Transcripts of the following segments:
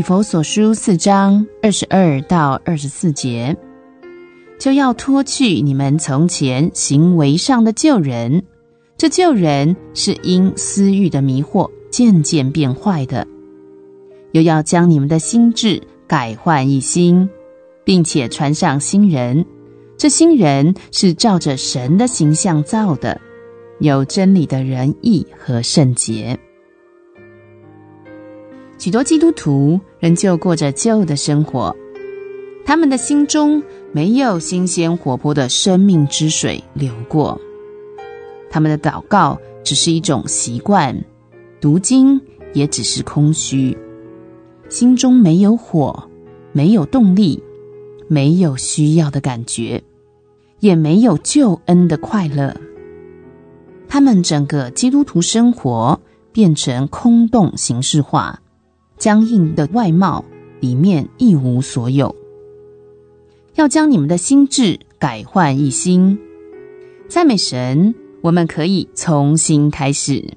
《以弗所書》四章二十二到二十四節，就要脫去你們從前行為上的舊人，這舊人是因私欲的迷惑漸漸變壞的；又要將你們的心智改換一新，並且穿上新人，這新人是照着神的形象造的，有真理的仁義和聖潔。許多基督徒仍舊過着舊的生活，他們的心中沒有新鮮活潑的生命之水流過，他們的禱告只是一種習慣，讀經也只是空虛，心中沒有火，沒有動力，沒有需要的感覺，也沒有救恩的快樂。他們整個基督徒生活變成空洞形式化。僵硬的外貌，裡面一無所有。要將你們的心智改換一新，讚美神，我們可以重新開始。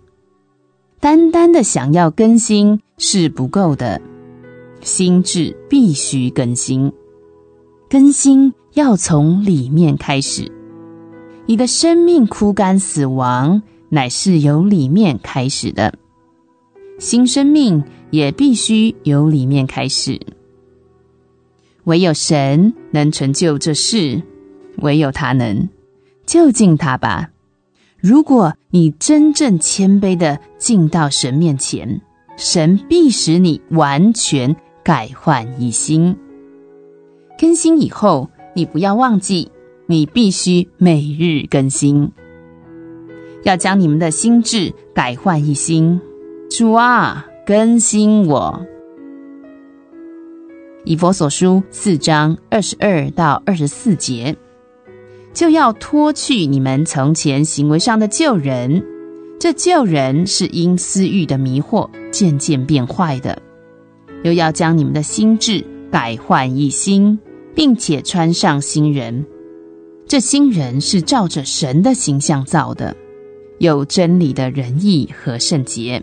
單單的想要更新是不夠的，心智必須更新。更新要從裡面開始，你的生命枯乾、死亡乃是由裡面開始的。新生命也必須由裡面開始，唯有神能成就這事，唯有他能，就近他吧。如果你真正謙卑地進到神面前，神必使你完全改換一新。更新以後，你不要忘記，你必須每日更新，要將你們的心智改換一新。主啊，更新我！以弗所書四章二十二到二十四節，就要脫去你們從前行為上的舊人，這舊人是因私欲的迷惑漸漸變壞的；又要將你們的心志改換一新，並且穿上新人。這新人是照着神的形象造的，有真理的仁義和聖潔。